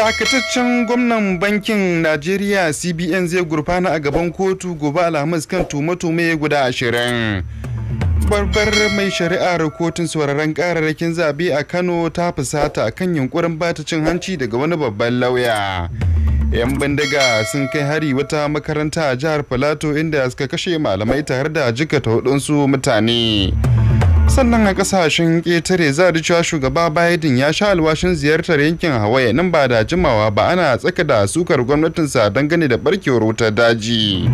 dakataccen gwamnan bankin najeriya cbn zai gurfana a gaban kotu gobe alhamis kan tume-tume guda ashirin babbar mai shari'ar kotun sauraron kararrakin zabe a kano ta fusata kan yunkurin bata cin hanci daga wani babban lauya yan bindiga sun kai hari wata makaranta a jihar plateau inda suka kashe malamai tare da jikata hudunsu mutane sannan a kasashen ƙetare za da cewa shugaba biden ya sha alwashin ziyartar yankin hawaii nan ba da jimawa ba ana tsaka da sukar gwamnatinsa dangane da barkewar wutar daji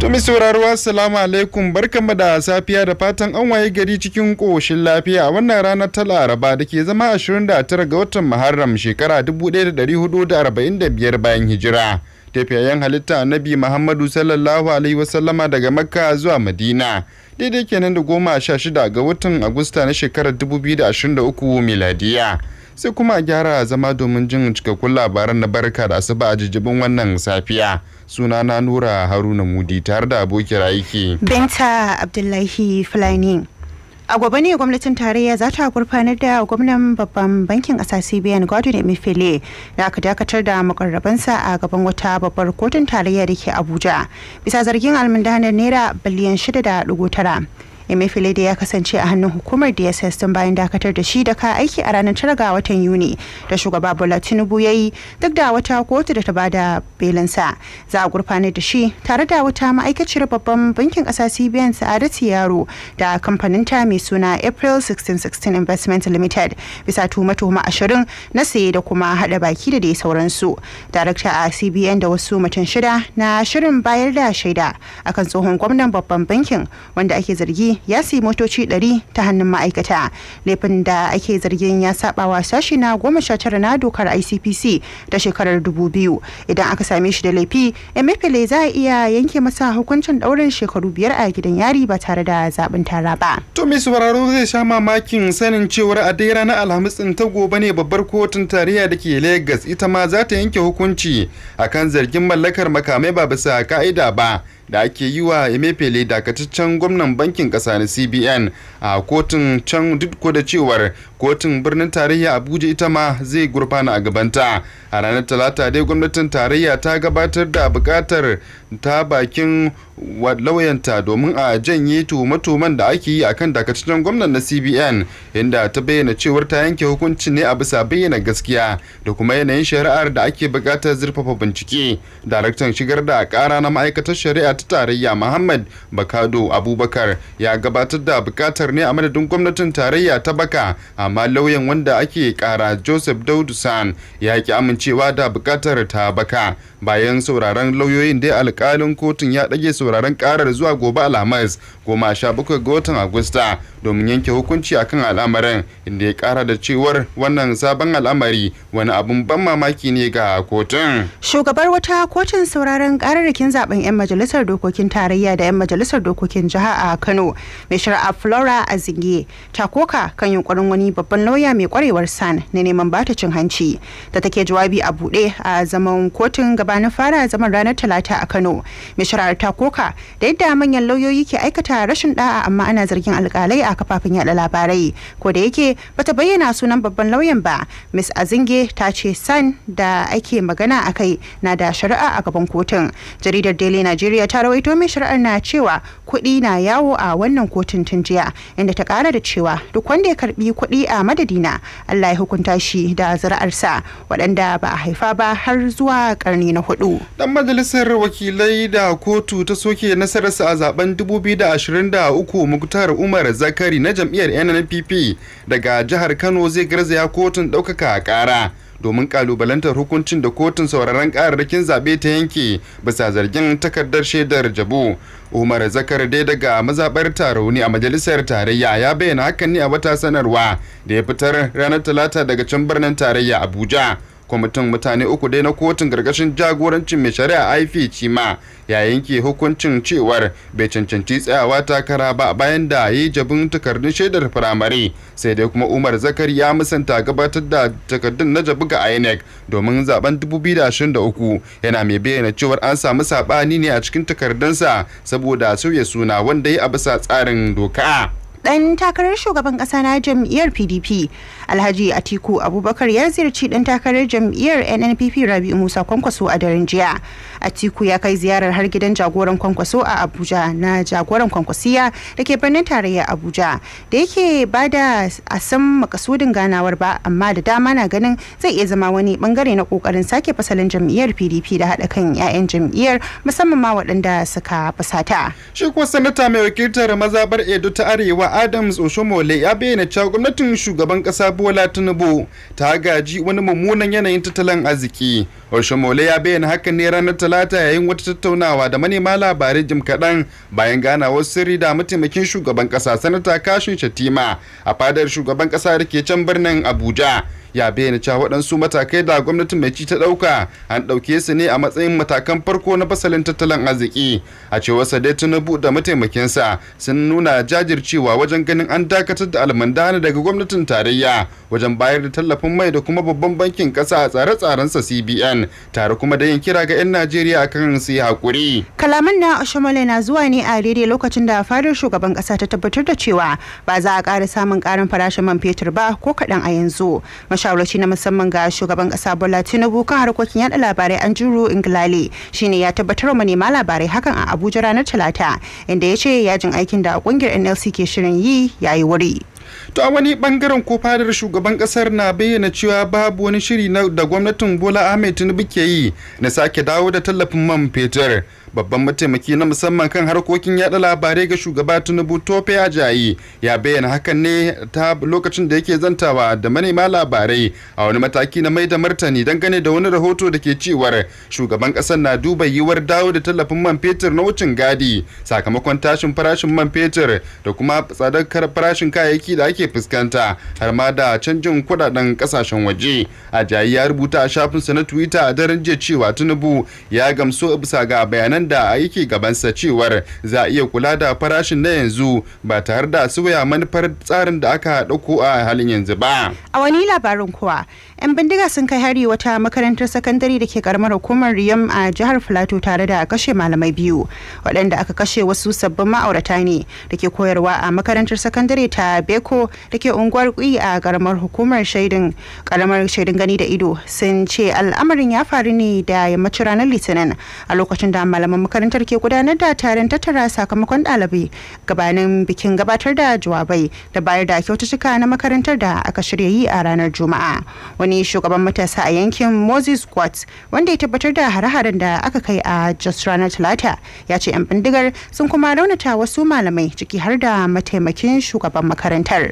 Tumi sauraruwa salamu alaikum barkanmu da safiya da fatan an waye gari cikin koshin lafiya a wannan ranar ta laraba da ke zama 29 ga watan muharram shekara 1445 bayan hijira tafiyayyen halitta annabi muhammadu sallallahu alaihi wasallama daga makka zuwa madina daidai kenan da goma sha shida ga watan agusta na shekarar 2023 miladiya sai kuma gyara zama domin jin cikakkun labaran na barka da asuba a jijibin wannan safiya suna na nura haruna mudi tare da abokin aiki binta abdullahi fulani a gobe ne gwamnatin tarayya za ta gurfanar da gwamnan babban bankin ƙasa cbn godwin emefiele da aka dakatar da makarrabansa a gaban wata babbar kotun tarayya da ke abuja bisa zargin almundanar naira biliyan 6.9 emefiele da ya kasance a hannun hukumar dss tun bayan dakatar da shi da ka aiki a ranar tara ga watan yuni da shugaba bola tinubu ya yi duk da wata kotu da ta ba bada belinsa za a gurfanar da shi tare da wata ma'aikaciyar babban bankin kasa cbn sa'adatu yaro da kamfanin ta mai suna april 1616 investment limited bisa tuhuma-tuhuma ashirin na saye da kuma hada baki da dai sauransu darakta a cbn da wasu mutum shida na shirin bayar da shaida akan tsohon gwamnan babban bankin wanda ake zargi ya sayi motoci 100 ta hannun ma'aikata laifin da ake zargin ya sabawa sashi na goma sha tara na dokar icpc ta shekarar 2000 idan aka same shi da laifi mfle za a iya yanke masa hukuncin daurin shekaru biyar a gidan yari ba tare da zabin tara ba to mai sauraro zai sha mamakin sanin cewar a dai ranar alhamis ta gobe ne babbar kotun tarayya da ke lagos ita ma za ta yanke hukunci akan zargin mallakar makamai ba bisa ka'ida ba da ake yi wa emefele dakataccen gwamnan bankin ƙasa na cbn a kotun can duk da cewar kotun birnin tarayya abuja ita ma zai gurfana a gabanta a ranar talata dai gwamnatin tarayya ta gabatar da bukatar ta bakin lauyanta domin a janye tuhume-tuhumen da ake yi akan dakataccen gwamnan na cbn inda ta bayyana cewar ta yanke hukunci ne a bisa bayyana gaskiya da kuma yanayin shari'ar da ake bukatar zurfafa bincike daraktan shigar da kara na ma'aikatar shari'a ta tarayya muhammad bakado abubakar ya gabatar da bukatar ne a madadin gwamnatin tarayya ta baka a amma lauyan wanda ake kara Joseph Daudu San ya ki amincewa da bukatar ta baka bayan sauraron lauyoyin dai alkalin kotun ya ɗage sauraron karar zuwa gobe Alhamis goma sha bakwai ga watan Agusta domin yanke hukunci akan al'amarin inda ya kara da cewar wannan sabon al'amari wani abun ban mamaki ne ga kotun shugabar wata kotun sauraron kararrakin zaben 'yan majalisar dokokin tarayya da 'yan majalisar dokokin jiha a kano mai shari'a flora azinge ta koka kan yunkurin wani babban lauya mai kwarewar san na neman bata cin hanci da take jawabi a buɗe a zaman kotun gabanin fara zaman ranar talata a kano mai shari'ar ta koka da yadda manyan lauyoyi ke aikata rashin da'a amma ana zargin alkalai a a kafafen yada labarai ko da yake bata bayyana sunan babban lauyan ba miss azinge ta ce san da ake magana a kai na da shari'a a gaban kotun jaridar daily nigeria ta rawaito mai shari'ar na cewa kuɗi na yawo a wannan kotun tun jiya inda ta kara da cewa duk wanda ya karbi kuɗi a madadina allah ya hukunta shi da zuri'arsa waɗanda ba a haifa ba har zuwa karni na hudu dan majalisar wakilai da kotu ta soke nasararsa a zaben 2023 muktar umar zaka kari na jam'iyyar NNPP daga jihar Kano zai garzaya kotun ɗaukaka a ƙara domin ƙalubalantar hukuncin da kotun sauraron kararrakin zaɓe ta yanke bisa zargin takardar shaidar jabu umar zakar dai daga mazaɓar tarauni a majalisar tarayya ya bayyana hakan ne a wata sanarwa da ya fitar ranar talata daga can birnin tarayya abuja kwamitin mutane uku dai na kotun gargashin jagorancin mai shari'a aifi cima ya yanke hukuncin cewar bai cancanci tsayawa takara ba bayan da yi jabin takardun shaidar firamare sai dai kuma umar zakari ya musanta gabatar da takardun na jabi ga inec domin zaben 2023 yana mai bayyana cewar an samu saɓani ne a cikin takardunsa saboda sauya suna wanda ya a bisa tsarin doka dan takarar shugaban kasa na jam'iyyar pdp alhaji atiku abubakar ya ziyarci dan takarar jam'iyyar nnpp rabi'u musa kwankwaso a daren jiya atiku ya kai ziyarar har gidan jagoran kwankwaso a abuja na jagoran kwankwasiya da ke birnin tarayya abuja da yake ba da a san makasudin ganawar ba amma da dama na ganin zai iya zama wani bangare na kokarin sake fasalin jam'iyyar pdp da haɗa kan 'ya'yan jam'iyyar musamman ma waɗanda suka fasata. shi kuwa sanata mai wakiltar mazabar edo ta arewa adams oshomole ya bayyana cewa gwamnatin shugaban ƙasa bola tinubu ta gaji wani mummunan yanayin tattalin arziki oshomole ya bayyana hakan ne ranar talata yayin wata tattaunawa da manema labarai jim kaɗan bayan ganawar sirri da mataimakin shugaban ƙasa sanata kashin shatima a fadar shugaban ƙasa da ke can birnin abuja ya bayyana cewa waɗansu matakai da gwamnatin mai ci ta ɗauka an ɗauke su ne a matsayin matakan farko na fasalin tattalin arziki a cewar dai tinubu da mataimakinsa sun nuna jajircewa wajen ganin an dakatar da almandana daga gwamnatin tarayya wajen bayar da tallafin mai da kuma babban bankin ƙasa a tsare-tsarensa cbn tare kuma da yin kira ga 'yan najeriya Najeriya kan su yi hakuri. Kalaman na Oshiomhole na zuwa ne a daidai lokacin da fadar shugaban kasa ta tabbatar da cewa ba za a ƙara samun ƙarin farashin man fetur ba ko kaɗan a yanzu. Mashawarci na musamman ga shugaban kasa Bola Tinubu kan harkokin yaɗa labarai Anjuru Ingilale shine ya tabbatar wa manema labarai hakan a Abuja ranar Talata inda ya ce yajin aikin da ƙungiyar NLC ke shirin yi ya yi wuri. to a wani bangaren ko fadar shugaban kasar na bayyana cewa babu wani shiri da gwamnatin bola ahmed tinubu ke yi na sake dawo da tallafin man fetur babban mataimaki na musamman kan harkokin yada labarai ga shugaba tinubu tope ajayi ya bayyana hakan ne ta lokacin da yake zantawa da manema labarai a wani mataki na mai da martani dangane da wani rahoto da ke cewar shugaban kasar na duba yiwuwar dawo da tallafin man fetur na wucin gadi sakamakon tashin farashin man fetur da kuma tsadar farashin kayayyaki da ake fuskanta har ma da canjin kudaden kasashen waje ajayi ya rubuta a shafinsa na twitter a daren jiya cewa tinubu ya gamsu bisa ga bayanan da yake gabansa cewar za a iya kula da farashin na yanzu ba tare da sauya manufar tsarin da aka dauko a halin yanzu ba a wani labarin kuwa 'yan bindiga sun kai hari wata makarantar sakandare da ke karamar hukumar riyam a jihar filato tare da kashe malamai biyu waɗanda aka kashe wasu sabbin ma'aurata ne da ke koyarwa a makarantar sakandare ta beko da ke unguwar kui a karamar hukumar shaidin karamar shaidin gani da ido sun ce al'amarin ya faru ne da yammacin ranar litinin a lokacin da malaman makarantar ke gudanar da taron tattara sakamakon ɗalibai gabanin bikin gabatar da jawabai da bayar da kyaututtuka na makarantar da aka shirya yi a ranar juma'a wani ne shugaban matasa a yankin moses squat wanda ya tabbatar da hare-haren da aka kai a jos ranar talata ya ce 'yan bindigar sun kuma raunata wasu malamai ciki har da mataimakin shugaban makarantar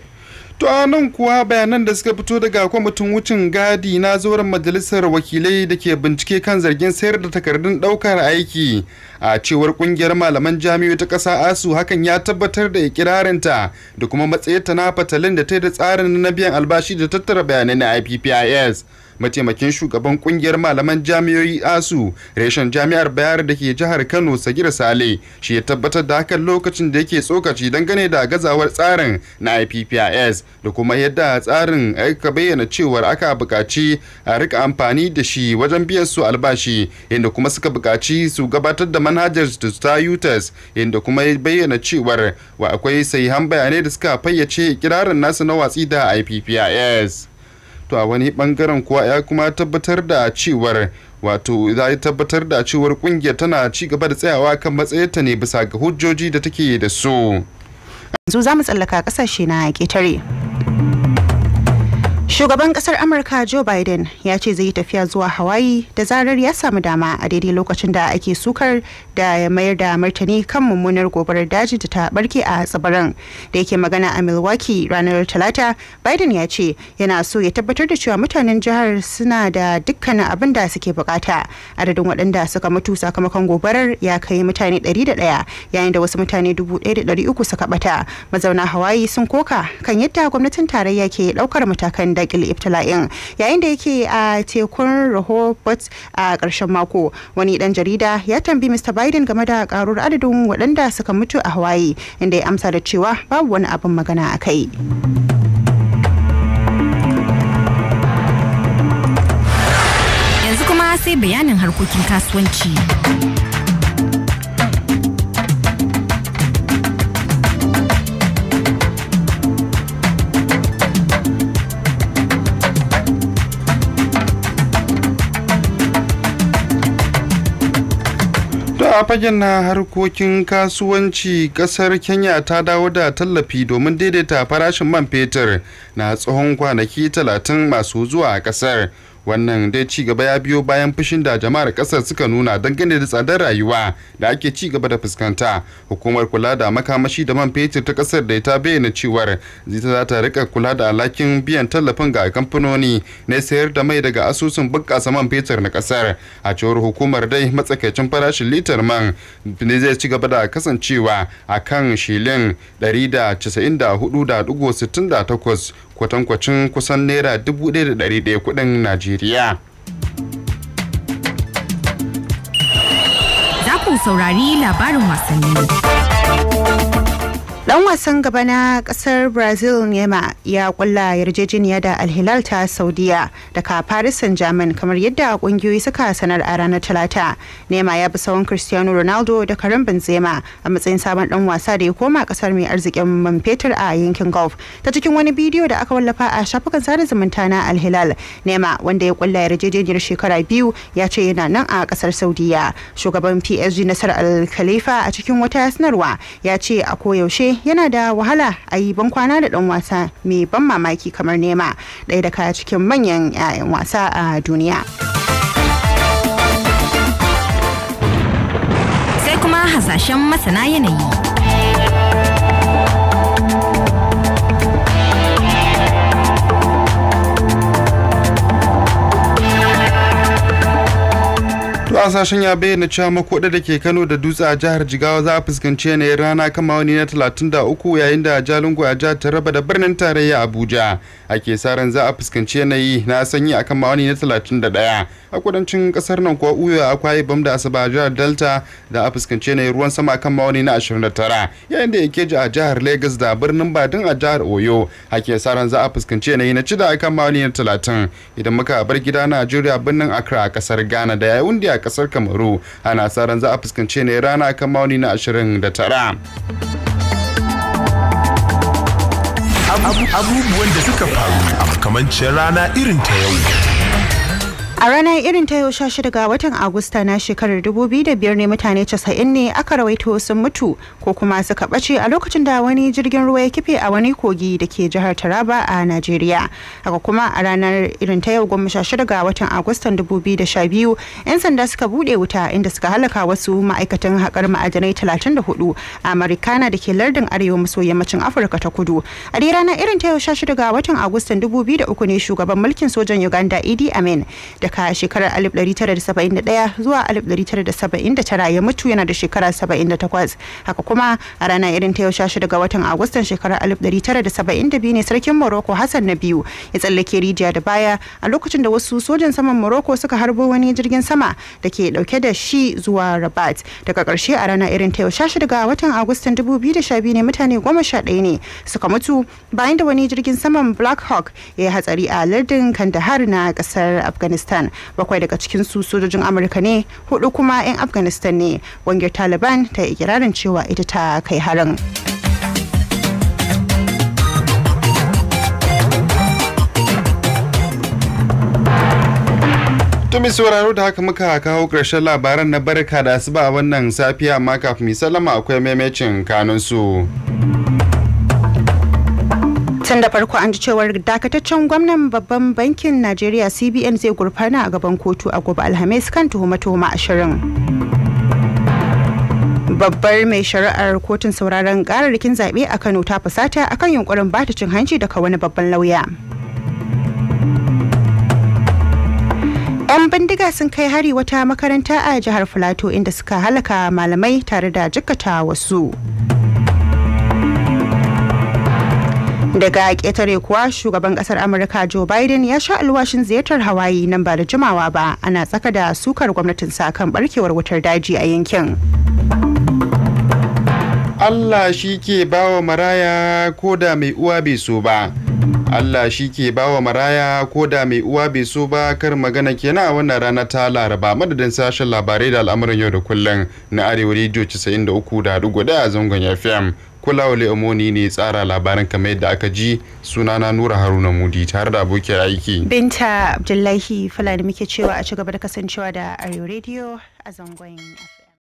To a nan kuwa bayanan da suka fito daga kwamitin wucin gadi na zoren majalisar wakilai da ke bincike kan zargin sayar da takardun ɗaukar aiki a cewar kungiyar malaman jami'o ta ƙasa asu hakan ya tabbatar da ikirarinta da kuma matsayinta na fatalin da ta yi da tsarin na biyan albashi da tattara bayanai na IPPIS. mataimakin shugaban kungiyar malaman jami'o'i asu reshen jami'ar bayar da ke jihar kano sagir sale shi ya tabbatar da hakan lokacin da yake tsokaci dangane da gazawar tsarin na ippis da kuma yadda tsarin aka bayyana cewar aka buƙaci a rika amfani da shi wajen biyan su albashi inda kuma suka buƙaci su gabatar da manhajar ta utas e inda kuma ya bayyana cewar wa akwai sahihan bayanai da suka fayyace kirarin nasu na watsi da ippis to a wani bangaren kuwa ya kuma tabbatar da cewar wato za yi tabbatar da cewar kungiyar tana ci gaba da tsayawa kan matsayinta ne bisa ga hujjoji da take da su yanzu za mu tsallaka kasashe na ketare Shugaban kasar Amurka Joe Biden ya ce zai yi tafiya zuwa Hawaii da zarar ya samu dama a daidai lokacin da ake sukar da ya mayar da martani kan mummunar gobarar daji da ta barke a tsibirin da yake magana a Milwaukee ranar Talata. Biden ya ce yana so ya tabbatar da cewa mutanen jihar suna da dukkanin abin da suke bukata. Adadin waɗanda suka mutu sakamakon gobarar ya kai mutane ɗari da ɗaya yayin da wasu mutane ɗaya da ɗari uku suka bata. Mazauna Hawaii sun koka kan yadda gwamnatin tarayya ke ɗaukar matakan da dakile iftala'in yayin da yake a tekun rehoboth a ƙarshen mako wani dan jarida ya tambi mr biden game da karuwar adadin waɗanda suka mutu a hawaii inda ya amsa da cewa babu wani abin magana a kai. yanzu kuma sai bayanin harkokin kasuwanci. a fagen na harkokin kasuwanci kasar kenya ta dawo da tallafi domin daidaita farashin man fetur na tsohon kwanaki talatin masu zuwa a kasar wannan dai ci gaba ya biyo bayan fushin da jama'ar kasar suka nuna dangane da tsadar rayuwa da ake ci gaba da fuskanta hukumar kula da makamashi da man fetur ta kasar da ta bayyana cewar zita za ta rika kula da alhakin biyan tallafin ga kamfanoni na sayar da mai daga asusun bunkasa man fetur na kasar a cewar hukumar dai matsakaicin farashin litar man ne zai ci gaba da kasancewa a kan shilin 194.68 kwatankwacin kusan naira ɗaya kudin najeriya za ku saurari labarin wasanni dan wasan gaba na kasar brazil nema ya kulla yarjejeniya da alhilal ta saudiya daga paris saint germain kamar yadda kungiyoyi suka sanar a ranar talata nema ya bi sawon cristiano ronaldo da karim benzema a matsayin sabon dan wasa da ya koma kasar mai arzikin man fetur a yankin golf ta cikin wani bidiyo da aka wallafa a shafukan sada zumunta na alhilal nema wanda ya kulla yarjejeniyar shekara biyu ya ce yana nan a kasar saudiya shugaban psg nasar al khalifa a cikin wata sanarwa ya ce a koyaushe yana da wahala a yi ban kwana da dan wasa mai ban mamaki kamar nema ɗaya daga cikin manyan 'ya'yan wasa a duniya. sai kuma hasashen masana yanayi. sashen ya bayyana cewa makoda da ke kano da dutse a jihar jigawa za a fuskanci yanayin rana kama wani na 33 yayin da jalingo a jihar taraba da birnin tarayya abuja ake sa ran za a fuskanci yanayi na sanyi a kama wani na 31 a kudancin kasar nan kuwa uyo a kwaye bam da asaba jihar delta da a fuskanci yanayin ruwan sama kama wani na 29 yayin da yake a jihar lagos da birnin badin a jihar oyo ake sa ran za a fuskanci yanayi na cida kama wani na 30 idan muka bar gida najeriya birnin accra a kasar ghana da yayin da kasar kamaru ana sa za a fuskanci ne rana a kan mauni na 29 abubuwan da suka faru a makamancin rana irin ta yau A ranar irin ta yau 16 ga watan Agusta na shekarar 2005 ne mutane 90 ne aka rawaito sun mutu ko kuma suka ɓace a lokacin da wani jirgin ruwa ya kife a wani kogi da ke jihar Taraba a Najeriya. Haka kuma a ranar irin ta yau 16 ga watan Agustan 2012 'yan sanda suka buɗe wuta inda suka halaka wasu ma'aikatan haƙar ma'adanai 34 a Marikana da ke lardin arewa maso yammacin Afirka ta kudu. A ranar irin ta yau 16 ga watan Agustan 2003 ne shugaban mulkin sojan Uganda Idi Amin da Amurka a shekarar 1971 zuwa 1979 ya mutu yana da shekara 78 haka kuma a rana irin ta yau 16 daga watan agustan shekarar 1972 ne sarkin morocco hassan na biyu ya tsallake rijiya da baya a lokacin da wasu sojan saman morocco suka harbo wani jirgin sama da ke dauke da shi zuwa rabat daga karshe a rana irin ta yau 16 daga watan agustan 2012 ne mutane 11 ne suka mutu bayan da wani jirgin saman black hawk ya yi hatsari a lardin kandahar na kasar afghanistan afghanistan bakwai daga cikin su sojojin amurka ne hudu kuma 'yan afghanistan ne wangiyar taliban ta yi kirarin cewa ita ta kai harin. Tumi sauraro da haka muka kawo ƙarshen labaran na barka da asuba wannan safiya amma kafin mai akwai maimacin kanunsu. tun da farko an ji cewar dakataccen gwamnan babban bankin najeriya cbn zai gurfana a gaban kotu a gobe alhamis kan tuhuma-tuhuma ashirin babbar mai shari'ar kotun sauraron kararrakin zaɓe a kano ta fusata akan yunkurin bata cin hanci daga wani babban lauya. 'yan bindiga sun kai hari wata makaranta a jihar filato inda suka halaka malamai tare da jikata wasu daga ƙetare kuwa shugaban ƙasar amurka joe biden ya sha alwashin ziyartar hawaii nan ba da jimawa ba ana tsaka da sukar gwamnatin sa kan barkewar wutar daji a yankin allah shi ke bawa maraya ko da mai uwa bai so ba Allah shi ke bawa maraya ko da mai uwa bai so ba kar magana kenan a wannan rana ta laraba madadin sashen labarai da al'amuran yau da kullum na arewa rediyo 93.1 da a zangon fm kulawale omoni ne tsara labarin kamar yadda aka ji sunana nura haruna mudi tare da abokiyar aiki binta abdullahi fulani muke cewa a ci gaba da kasancewa da ayo radio a zangon